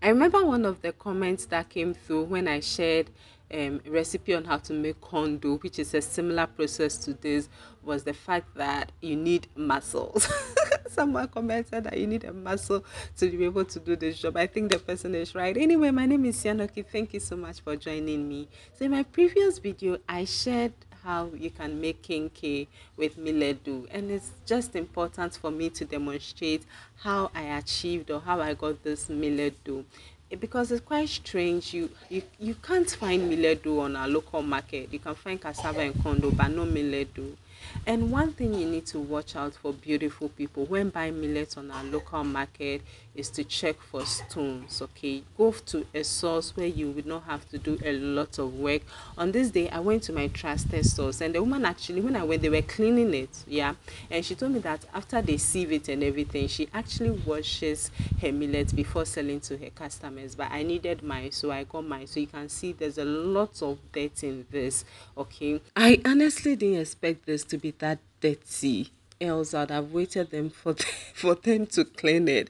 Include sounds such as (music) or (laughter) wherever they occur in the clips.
I remember one of the comments that came through when I shared um, a recipe on how to make condo, which is a similar process to this, was the fact that you need muscles. (laughs) Someone commented that you need a muscle to be able to do this job. I think the person is right. Anyway, my name is Sianoki. Thank you so much for joining me. So, in my previous video, I shared how you can make kinki with millet dough, and it's just important for me to demonstrate how I achieved or how I got this millet dough, because it's quite strange you you, you can't find millet dough on our local market you can find cassava and kondo but no millet dough. And one thing you need to watch out for beautiful people when buying millet on our local market is to check for stones, okay? Go to a source where you would not have to do a lot of work. On this day, I went to my trusted source and the woman actually, when I went, they were cleaning it, yeah? And she told me that after they sieve it and everything, she actually washes her millet before selling to her customers. But I needed mine, so I got mine. So you can see there's a lot of dirt in this, okay? I honestly didn't expect this to be that dirty else I'd have waited them for them, (laughs) for them to clean it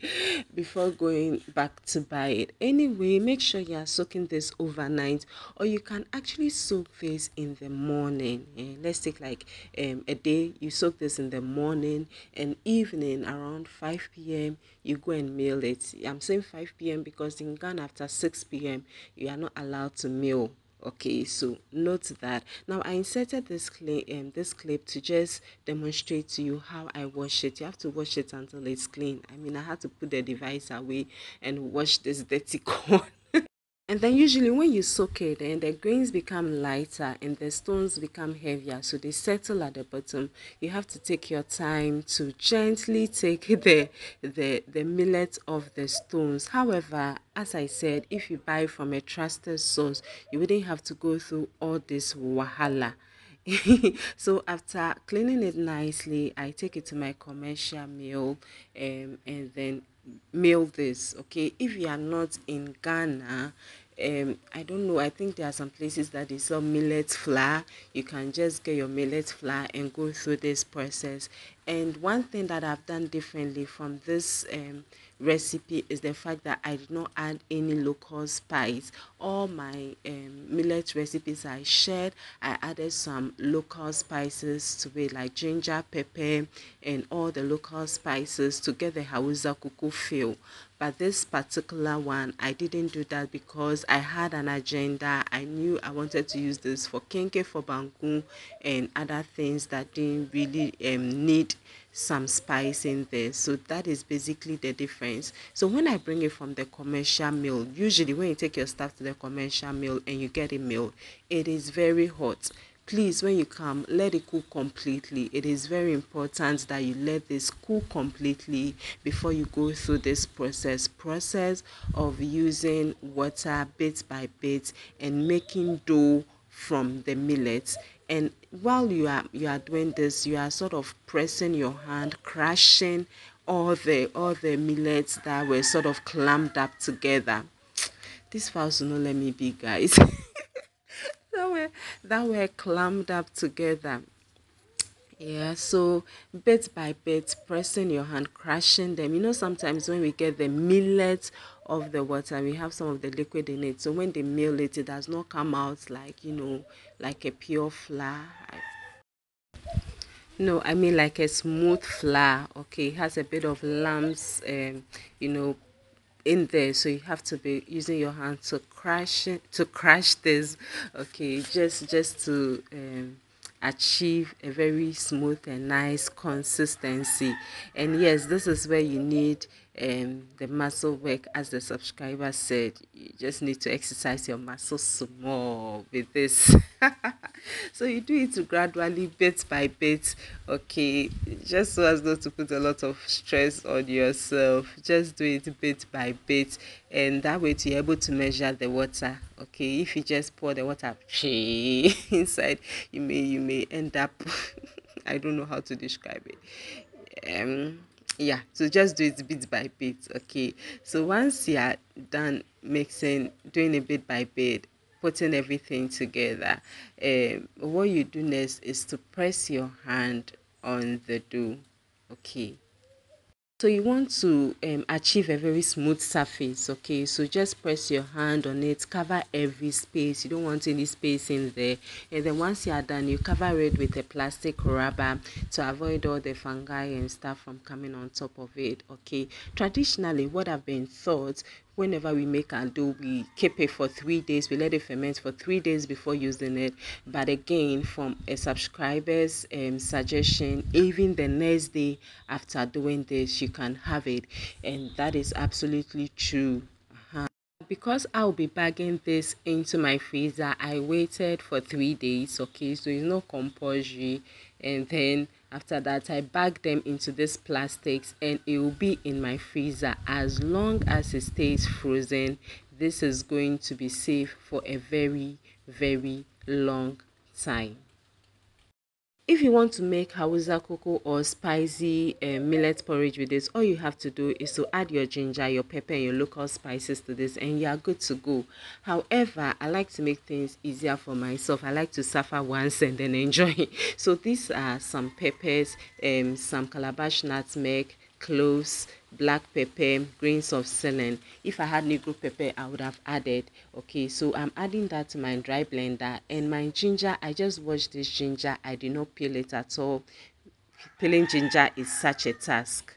before going back to buy it. Anyway, make sure you are soaking this overnight, or you can actually soak this in the morning. Yeah, let's take like um, a day you soak this in the morning and evening around 5 p.m. You go and mail it. I'm saying 5 p.m. because in Ghana after 6 p.m. you are not allowed to mail okay so note that now i inserted this clip um, this clip to just demonstrate to you how i wash it you have to wash it until it's clean i mean i had to put the device away and wash this dirty (laughs) corn and then usually when you soak it, and the grains become lighter and the stones become heavier, so they settle at the bottom. You have to take your time to gently take (laughs) the the the millet of the stones. However, as I said, if you buy from a trusted source, you wouldn't have to go through all this wahala. (laughs) so after cleaning it nicely, I take it to my commercial mill, um, and then mail this okay if you are not in ghana um i don't know i think there are some places that they sell millet flour you can just get your millet flour and go through this process and one thing that i've done differently from this um recipe is the fact that I did not add any local spice. All my um, millet recipes I shared, I added some local spices to it, like ginger, pepper, and all the local spices to get the Hausa cuckoo feel but this particular one i didn't do that because i had an agenda i knew i wanted to use this for kenke for bangu and other things that didn't really um, need some spice in there so that is basically the difference so when i bring it from the commercial mill usually when you take your stuff to the commercial mill and you get a meal, it is very hot please when you come let it cool completely it is very important that you let this cool completely before you go through this process process of using water bit by bit and making dough from the millets and while you are you are doing this you are sort of pressing your hand crushing all the all the millets that were sort of clamped up together this file will not let me be guys (laughs) that were clammed up together. Yeah, so bit by bit, pressing your hand, crushing them. You know, sometimes when we get the millet of the water, we have some of the liquid in it. So when they mill it, it does not come out like, you know, like a pure flour. No, I mean like a smooth flour. Okay, it has a bit of lumps, um, you know, in there so you have to be using your hand to crash it, to crash this okay just just to um, achieve a very smooth and nice consistency and yes this is where you need um, the muscle work, as the subscriber said, you just need to exercise your muscles more with this. (laughs) so you do it gradually, bit by bit, okay, just so as not to put a lot of stress on yourself. Just do it bit by bit, and that way you're able to measure the water. Okay, if you just pour the water (laughs) inside, you may you may end up. (laughs) I don't know how to describe it. Um, yeah so just do it bit by bit okay so once you are done mixing doing a bit by bit putting everything together uh, what you do next is to press your hand on the dough okay so you want to um, achieve a very smooth surface, okay? So just press your hand on it, cover every space. You don't want any space in there. And then once you are done, you cover it with a plastic rubber to avoid all the fungi and stuff from coming on top of it, okay? Traditionally, what I've been thought whenever we make and do we keep it for three days we let it ferment for three days before using it but again from a subscriber's um, suggestion even the next day after doing this you can have it and that is absolutely true because I'll be bagging this into my freezer, I waited for three days, okay, so it's not compulsory. And then after that, I bag them into this plastics and it will be in my freezer as long as it stays frozen. This is going to be safe for a very, very long time. If you want to make Hausa cocoa or spicy uh, millet porridge with this, all you have to do is to add your ginger, your pepper, and your local spices to this, and you are good to go. However, I like to make things easier for myself. I like to suffer once and then enjoy. (laughs) So these are some peppers, um, some calabash nutmeg, cloves, black pepper grains of celery if i had negro pepper i would have added okay so i'm adding that to my dry blender and my ginger i just washed this ginger i did not peel it at all peeling ginger is such a task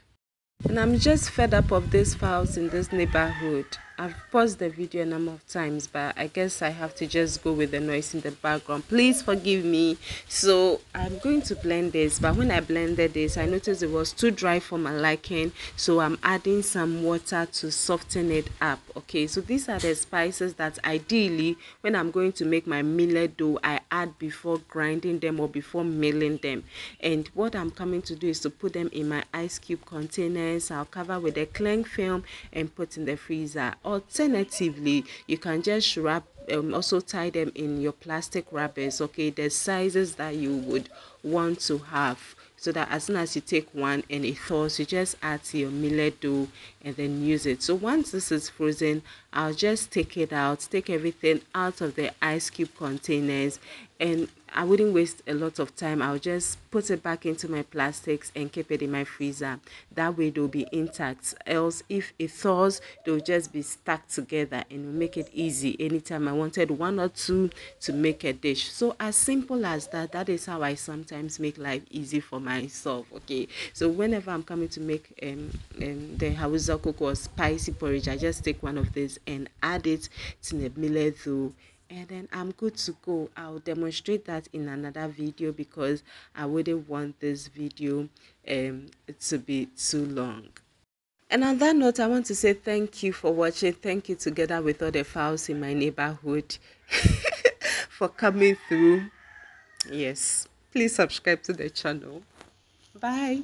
and i'm just fed up of these fowls in this neighborhood I've paused the video a number of times, but I guess I have to just go with the noise in the background. Please forgive me. So I'm going to blend this, but when I blended this, I noticed it was too dry for my liking. So I'm adding some water to soften it up. Okay, so these are the spices that ideally, when I'm going to make my millet dough, I add before grinding them or before milling them and what i'm coming to do is to put them in my ice cube containers i'll cover with a cling film and put in the freezer alternatively you can just wrap um, also tie them in your plastic wrappers okay the sizes that you would want to have so that as soon as you take one and it thaws you just add to your millet dough and then use it so once this is frozen i'll just take it out take everything out of the ice cube containers and I wouldn't waste a lot of time. I'll just put it back into my plastics and keep it in my freezer. That way they'll be intact. Else if it thaws, they'll just be stuck together and make it easy. Anytime I wanted one or two to make a dish. So as simple as that, that is how I sometimes make life easy for myself. Okay. So whenever I'm coming to make um, um the Hausa cocoa spicy porridge, I just take one of these and add it to the millet though and then I'm good to go. I'll demonstrate that in another video because I wouldn't want this video um, to be too long. And on that note, I want to say thank you for watching. Thank you together with all the fowls in my neighborhood (laughs) for coming through. Yes, please subscribe to the channel. Bye.